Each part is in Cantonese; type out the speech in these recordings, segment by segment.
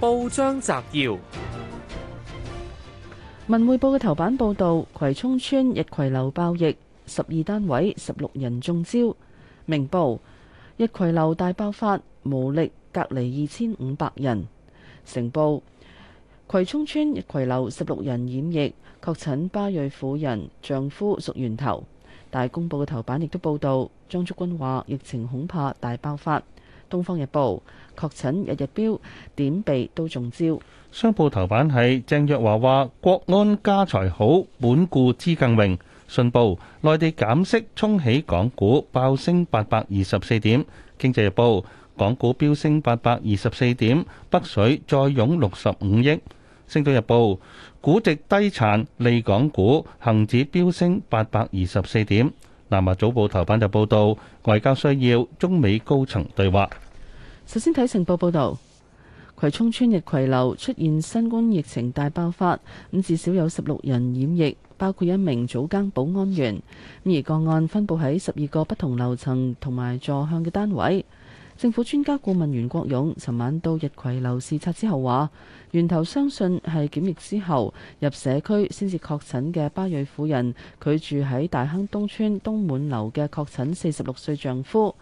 報章摘要：文匯報嘅頭版報道葵涌村逸葵樓爆疫，十二單位十六人中招。明報逸葵樓大爆發，無力隔離二千五百人。成報葵涌村逸葵樓十六人染疫，確診巴瑞婦人丈夫屬源頭。大公報嘅頭版亦都報道張竹君話疫情恐怕大爆發。《東方日報》確診日日飆，點避都中招。商報頭版係鄭若驊話：國安家財好，本固枝更榮。信報內地減息沖起港股，爆升八百二十四點。經濟日報港股飆升八百二十四點，北水再湧六十五億。《星島日報》股值低殘，利港股，恒指飆升八百二十四點。南華早報頭版就報道，外交需要中美高層對話。首先睇成報報道，葵涌村日葵樓出現新冠疫情大爆發，咁至少有十六人染疫，包括一名早更保安員。而個案分布喺十二個不同樓層同埋座向嘅單位。政府專家顧問袁國勇尋晚到日葵樓視察之後話：源頭相信係檢疫之後入社區先至確診嘅巴瑞夫人，佢住喺大坑東村東滿樓嘅確診四十六歲丈夫。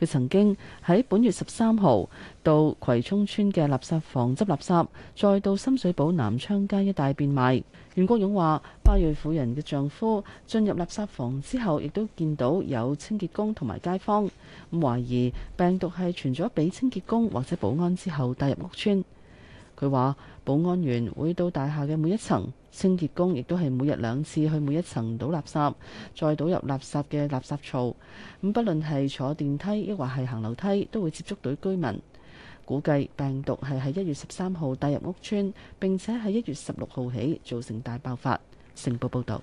佢曾經喺本月十三號到葵涌村嘅垃圾房執垃圾，再到深水埗南昌街一帶變賣。袁國勇話：巴瑞婦人嘅丈夫進入垃圾房之後，亦都見到有清潔工同埋街坊，咁懷疑病毒係傳咗畀清潔工或者保安之後帶入屋村。佢話，保安員會到大廈嘅每一層。清潔工亦都係每日兩次去每一層倒垃圾，再倒入垃圾嘅垃圾槽。咁不論係坐電梯，抑或係行樓梯，都會接觸到居民。估計病毒係喺一月十三號帶入屋村，並且喺一月十六號起造成大爆發。成報報道。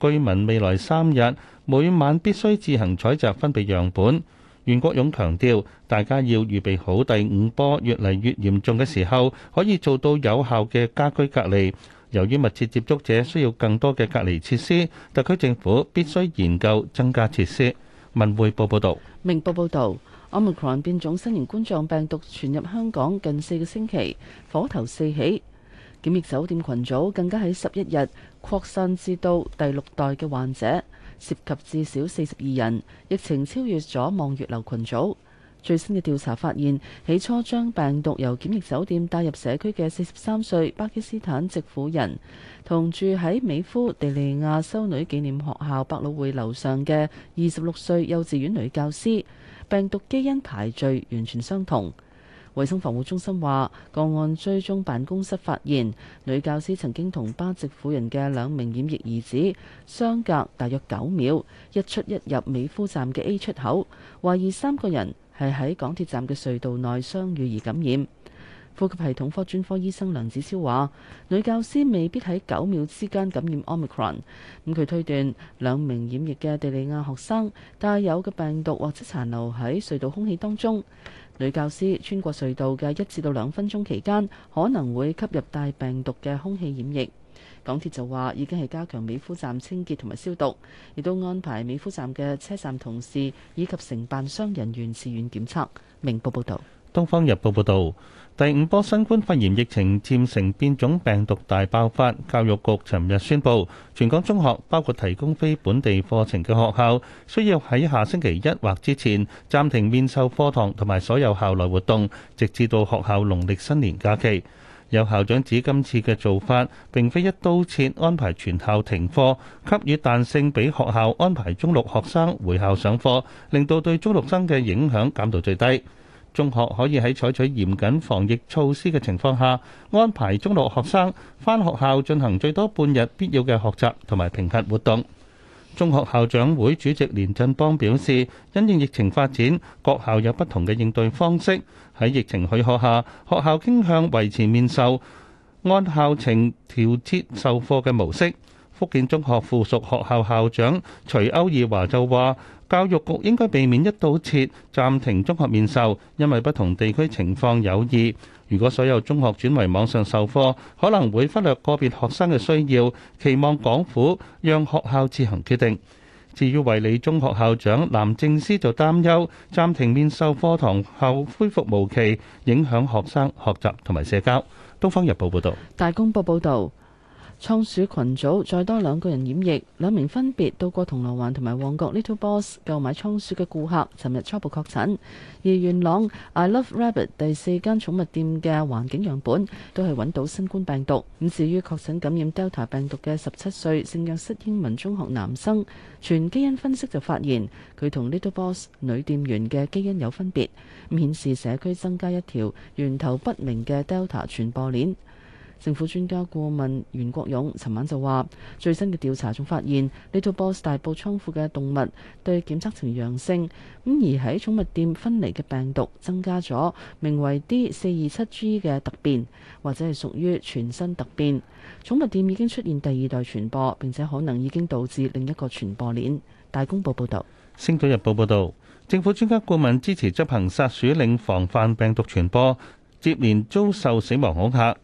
居民未來三日每晚必須自行採集分泌樣本。袁國勇強調，大家要預備好第五波越嚟越嚴重嘅時候，可以做到有效嘅家居隔離。由於密切接觸者需要更多嘅隔離設施，特區政府必須研究增加設施。文匯報報道，明報報道，Omicron 變種新型冠狀病毒傳入香港近四個星期，火頭四起，檢疫酒店羣組更加喺十一日。擴散至到第六代嘅患者，涉及至少四十二人。疫情超越咗望月樓群組。最新嘅調查發現，起初將病毒由檢疫酒店帶入社區嘅四十三歲巴基斯坦籍婦人，同住喺美孚地利亞修女紀念學校百老匯樓上嘅二十六歲幼稚園女教師，病毒基因排序完全相同。衛生防護中心話，個案追蹤辦公室發現，女教師曾經同巴籍婦人嘅兩名染疫兒子相隔大約九秒，一出一入美孚站嘅 A 出口，懷疑三個人係喺港鐵站嘅隧道內相遇而感染。呼吸系統科專科醫生梁子超話，女教師未必喺九秒之間感染 Omicron，咁佢推斷，兩名染疫嘅地利亞學生帶有嘅病毒或者殘留喺隧道空氣當中。女教師穿過隧道嘅一至到兩分鐘期間，可能會吸入帶病毒嘅空氣染疫。港鐵就話已經係加強美孚站清潔同埋消毒，亦都安排美孚站嘅車站同事以及承辦商人員自願檢測。明報報道。《東方日報》報導，第五波新冠肺炎疫情漸成變種病毒大爆發。教育局尋日宣布，全港中學包括提供非本地課程嘅學校，需要喺下星期一或之前暫停面授課堂同埋所有校內活動，直至到學校農曆新年假期。有校長指，今次嘅做法並非一刀切安排全校停課，給予彈性俾學校安排中六學生回校上課，令到對中六生嘅影響減到最低。中學可以喺採取嚴謹防疫措施嘅情況下，安排中六學生返學校進行最多半日必要嘅學習同埋評核活動。中學校長會主席連振邦表示，因應疫情發展，各校有不同嘅應對方式。喺疫情許可下，學校傾向維持面授，按校情調節授課嘅模式。福建中學附屬學校校長徐歐爾華就話。教育局應該避免一刀切暫停中學面授，因為不同地區情況有異。如果所有中學轉為網上授課，可能會忽略個別學生嘅需要。期望港府讓學校自行決定。至於維理中學校長藍正思就擔憂，暫停面授課堂後恢復無期，影響學生學習同埋社交。《東方日報》報導，《大公報》報導。倉鼠群組再多兩個人染疫，兩名分別到過銅鑼灣同埋旺角 Little Boss 購買倉鼠嘅顧客，尋日初步確診。而元朗 I Love Rabbit 第四間寵物店嘅環境樣本都係揾到新冠病毒。咁至於確診感染 Delta 病毒嘅十七歲聖約瑟英文中學男生，全基因分析就發現佢同 Little Boss 女店員嘅基因有分別，顯示社區增加一條源頭不明嘅 Delta 傳播鏈。政府專家顧問袁國勇，尋晚就話最新嘅調查仲發現呢度 boss 大埔倉庫嘅動物對檢測呈陽性，咁而喺寵物店分離嘅病毒增加咗，名為 D 四二七 G 嘅突變，或者係屬於全新突變。寵物店已經出現第二代傳播，並且可能已經導致另一個傳播鏈。大公報報道：《星島日報》報道，政府專家顧問支持執行殺鼠令，防範病毒傳播，接連遭受死亡恐嚇。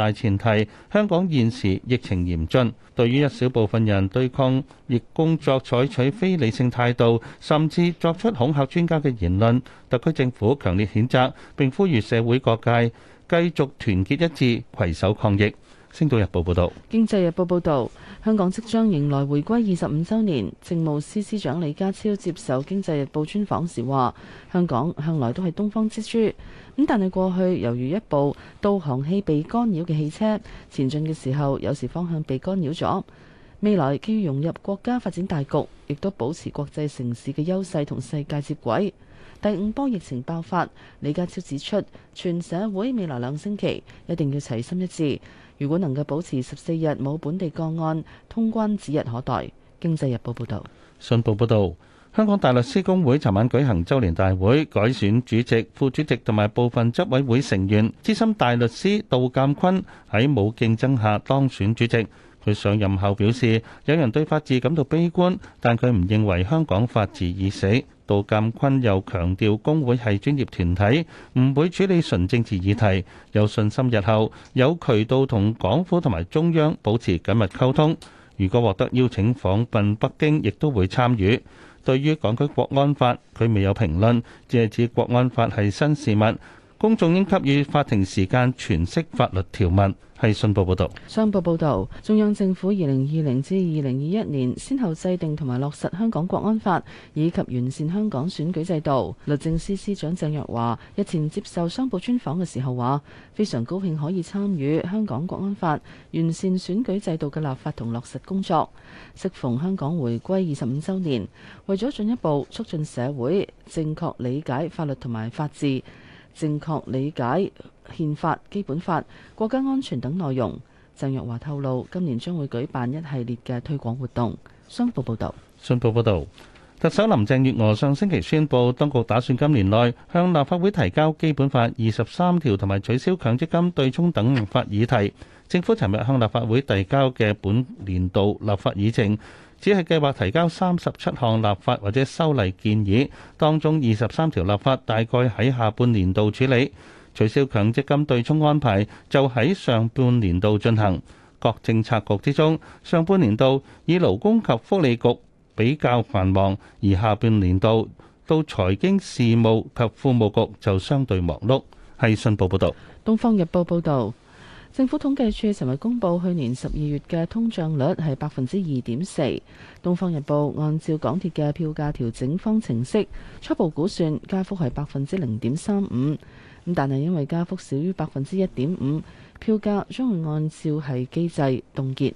大前提，香港現時疫情嚴峻，對於一小部分人對抗疫工作採取非理性態度，甚至作出恐嚇專家嘅言論，特區政府強烈譴責並呼籲社會各界繼續團結一致，攜手抗疫。《星島日報》報道，《經濟日報》報道，香港即將迎來回歸二十五周年。政務司司長李家超接受《經濟日報》專訪時話，香港向來都係東方之珠，咁但係過去猶如一部導航器被干擾嘅汽車，前進嘅時候有時方向被干擾咗。未來既要融入國家發展大局，亦都保持國際城市嘅優勢同世界接軌。第五波疫情爆發，李家超指出，全社會未來兩星期一定要齊心一致。如果能夠保持十四日冇本地個案，通關指日可待。經濟日報報道。信報報道，香港大律師公會尋晚舉行周年大會，改選主席、副主席同埋部分執委會成員。資深大律師杜鑑坤喺冇競爭下當選主席。佢上任後表示，有人對法治感到悲觀，但佢唔認為香港法治已死。杜鑑坤又強調，工會係專業團體，唔會處理純政治議題，有信心日後有渠道同港府同埋中央保持緊密溝通。如果獲得邀請訪問北京，亦都會參與。對於港區國安法，佢未有評論，只係指國安法係新事物。公眾應給予法庭時間，詮釋法律條文。係信報報導，商報報導，中央政府二零二零至二零二一年先後制定同埋落實香港國安法，以及完善香港選舉制度。律政司司長鄭若驊日前接受商報專訪嘅時候話，非常高興可以參與香港國安法完善選舉制度嘅立法同落實工作。適逢香港回歸二十五週年，為咗進一步促進社會正確理解法律同埋法治。正確理解憲法、基本法、國家安全等內容。鄭若驊透露，今年將會舉辦一系列嘅推廣活動。商報報道，信報報道，特首林鄭月娥上星期宣布，當局打算今年內向立法會提交基本法二十三條同埋取消強積金對沖等立法議題。政府尋日向立法會遞交嘅本年度立法議程。只係計劃提交三十七項立法或者修例建議，當中二十三條立法大概喺下半年度處理，取消強積金對沖安排就喺上半年度進行。各政策局之中，上半年度以勞工及福利局比較繁忙，而下半年度到財經事務及庫務局就相對忙碌。係信報報，報報導，《東方日報》報道。政府統計處尋日公布去年十二月嘅通脹率係百分之二點四。《東方日報》按照港鐵嘅票價調整方程式初步估算加幅係百分之零點三五，咁但係因為加幅少於百分之一點五，票價將按照係機制凍結，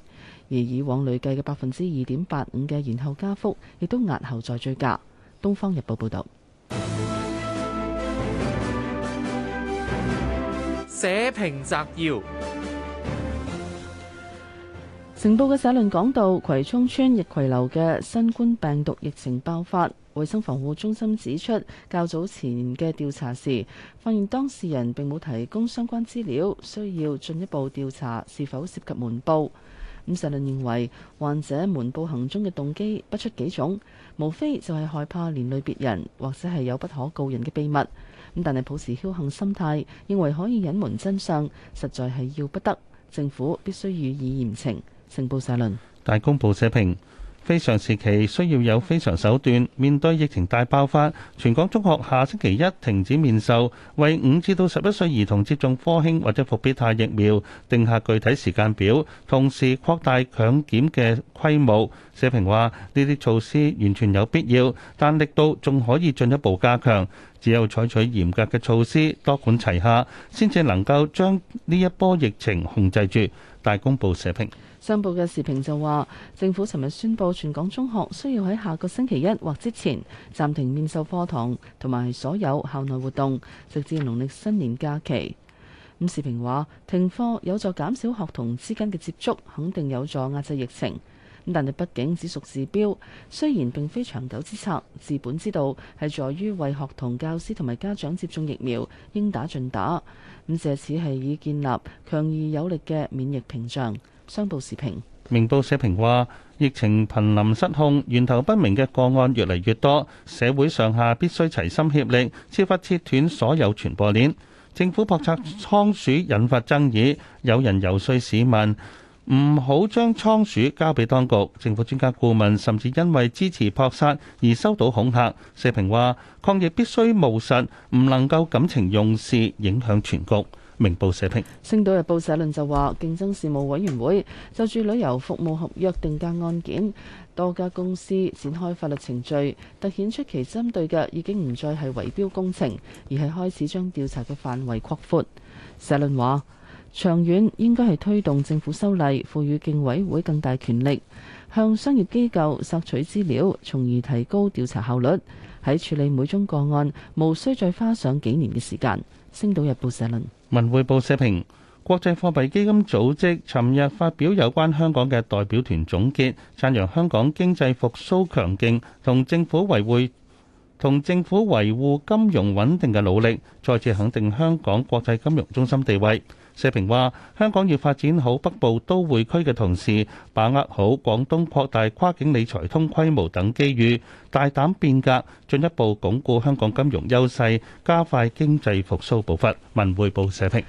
而以往累計嘅百分之二點八五嘅延後加幅亦都壓後再追加。《東方日報，報》報道。社評摘要：成報嘅社論講到葵涌村逸葵樓嘅新冠病毒疫情爆發，衛生防護中心指出，較早前嘅調查時，發現當事人並冇提供相關資料，需要進一步調查是否涉及瞞報。咁社論認為，患者瞞報行蹤嘅動機不出幾種，無非就係害怕連累別人，或者係有不可告人嘅秘密。咁但係保持僥倖心態，認為可以隱瞞真相，實在係要不得。政府必須予以嚴懲。成報社論，大公報社評。非常時期需要有非常手段。面對疫情大爆發，全港中學下星期一停止面授，為五至到十一歲兒童接種科興或者復必泰疫苗定下具體時間表，同時擴大強檢嘅規模。社評話呢啲措施完全有必要，但力度仲可以進一步加強，只有採取嚴格嘅措施，多管齊下，先至能夠將呢一波疫情控制住。大公報社評。上報嘅時評就話，政府尋日宣布，全港中學需要喺下個星期一或之前暫停面授課堂同埋所有校內活動，直至農曆新年假期。咁時評話，停課有助減少學童之間嘅接觸，肯定有助壓制疫情。但係畢竟只屬治標，雖然並非長久之策。治本之道係在於為學童、教師同埋家長接種疫苗，應打盡打。咁藉此係以建立強而有力嘅免疫屏障。商報視評，評明報社評話：疫情瀕臨失控，源頭不明嘅個案越嚟越多，社會上下必須齊心協力，設法切斷所有傳播鏈。政府撲殺倉鼠引發爭議，有人遊說市民唔好將倉鼠交俾當局。政府專家顧問甚至因為支持撲殺而收到恐嚇。社評話：抗疫必須務實，唔能夠感情用事，影響全局。明報社評，《星島日報》社論就話，競爭事務委員會就住旅遊服務合約定價案件，多家公司展開法律程序，突顯出其針對嘅已經唔再係圍標工程，而係開始將調查嘅範圍擴闊，闊。社論話，長遠應該係推動政府修例，賦予競委會更大權力，向商業機構索取資料，從而提高調查效率。喺處理每宗個案，無需再花上幾年嘅時間。《星島日報》社論。文匯報社評：國際貨幣基金組織尋日發表有關香港嘅代表團總結，讚揚香港經濟復蘇強勁同政府維護同政府維護金融穩定嘅努力，再次肯定香港國際金融中心地位。社評話，香港要發展好北部都會區嘅同時，把握好廣東擴大跨境理財通規模等機遇，大膽變革，進一步鞏固香港金融優勢，加快經濟復蘇步伐。文匯報社評。